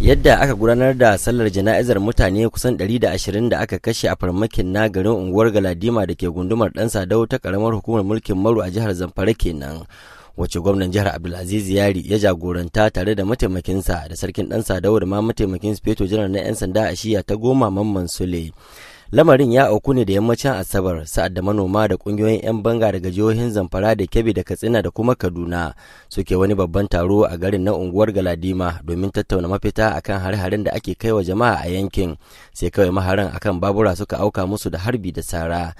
yadda aka gudanar da sallar jana'izar mutane kusan 120 da aka kashe a farmakin na garin unguwar galadima da ke gundumar dan sadau ta karamar hukumar mulkin maru a jihar zamfara kenan wace gwamnan jihar abdulaziz yari ya jagoranta tare da mataimakinsa da sarkin dan sadau da ma mataimakin speto janar na 'yan sanda a shiya ta goma mamman sule lamarin ya auku ne da yammacin asabar sa'ad da manoma da kungiyoyin 'yan banga daga jihohin zamfara da kebbi da katsina da kuma kaduna suke wani babban taro a garin na unguwar galadima domin tattauna mafita akan har harin da ake kaiwa jama'a a yankin sai kawai maharan akan babura suka auka musu da harbi da sara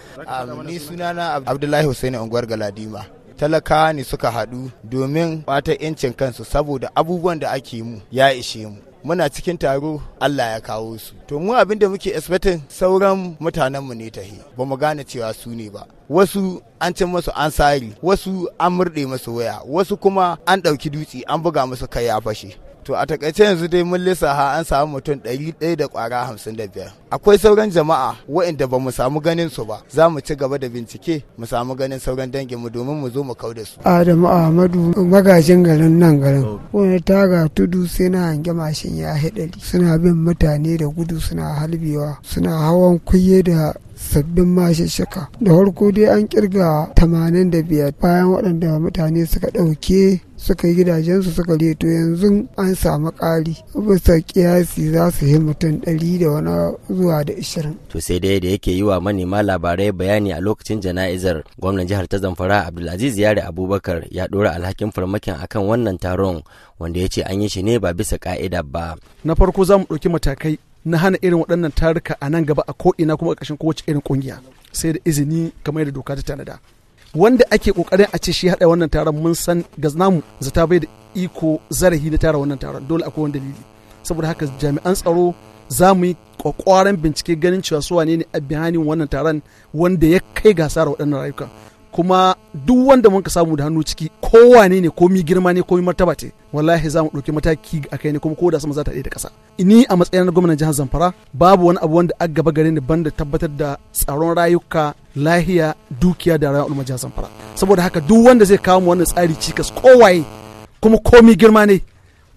ni sunana abdullahi hussaini unguwar galadima talakawa ne suka haɗu domin ɓata 'yancin kansu saboda abubuwan da ake mu ya ishe mu muna cikin taro Allah ya kawo su to mu abin da muke expecting sauran mutanenmu ne tahi ba mu gane cewa su ne ba wasu an cin masu ansari wasu an murɗe masu waya wasu kuma an ɗauki dutse an buga masu kai ya fashe to a takaice yanzu dai mun lissafa an samu mutum ɗari ɗaya da ƙwara hamsin da biyar akwai sauran jama'a waɗanda ba mu samu ganin su ba za mu ci gaba da bincike mu samu ganin sauran dangin mu domin mu zo mu kau da su adamu ahmadu magajin garin nan garin wani taga tudu sai na hange mashin ya haɗari suna bin mutane da gudu suna halbewa suna hawan kuye da sabbin mashishika da farko dai an kirga 85 bayan waɗanda mutane suka ɗauke suka yi gidajensu suka leto yanzu an samu ƙari bisa kiyasi za su yi mutum ɗari da wani zuwa da ishirin. to sai dai da yake yi wa manema labarai bayani a lokacin jana'izar gwamnan jihar ta zamfara abdulaziz yare abubakar ya ɗora alhakin farmakin akan wannan taron wanda ya ce an yi shi ne ba bisa ƙa'ida ba. na farko za mu ɗauki matakai na hana irin waɗannan taruka a nan gaba a ko'ina kuma a ƙashin kowace irin ƙungiya sai da izini kamar yadda doka ta tanada wanda ake ƙoƙarin a ce shi haɗa wannan taron mun san ga zata bai da iko zarafi na tara wannan taron dole akwai wani dalili saboda haka jami'an tsaro za mu yi ƙwaƙwaran bincike ganin cewa su wane ne a bihanin wannan taron wanda ya kai gasara waɗannan rayuka kuma duk wanda mun ka samu da hannu ciki wane ne komi girma ne komi martaba ce wallahi za mu ɗauki mataki a kai ne kuma ko da sama za ta ɗaya da ƙasa ni a matsayin gwamnan jihar zamfara babu wani abu wanda aka gaba gare ni banda tabbatar da tsaron rayuka lahiya dukiya da rayuwar al'umma jihar zamfara saboda haka duk wanda zai kawo mu wannan tsari cikas kowaye kuma komi girma ne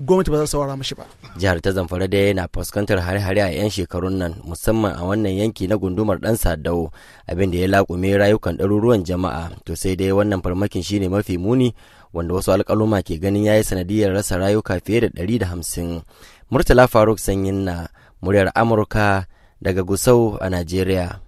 gwamnati ba za su saurara mashi ba. Jihar ta Zamfara dai yana fuskantar hare-hare a 'yan shekarun nan musamman a wannan yanki na gundumar Dan Sadau abinda ya laƙume rayukan ɗaruruwan jama'a to sai dai wannan farmakin shine mafi muni wanda wasu alƙaluma ke ganin ya yi sanadiyar rasa rayuka fiye da ɗari da hamsin. Murtala Faruk Sanyin na muryar Amurka daga Gusau a Najeriya.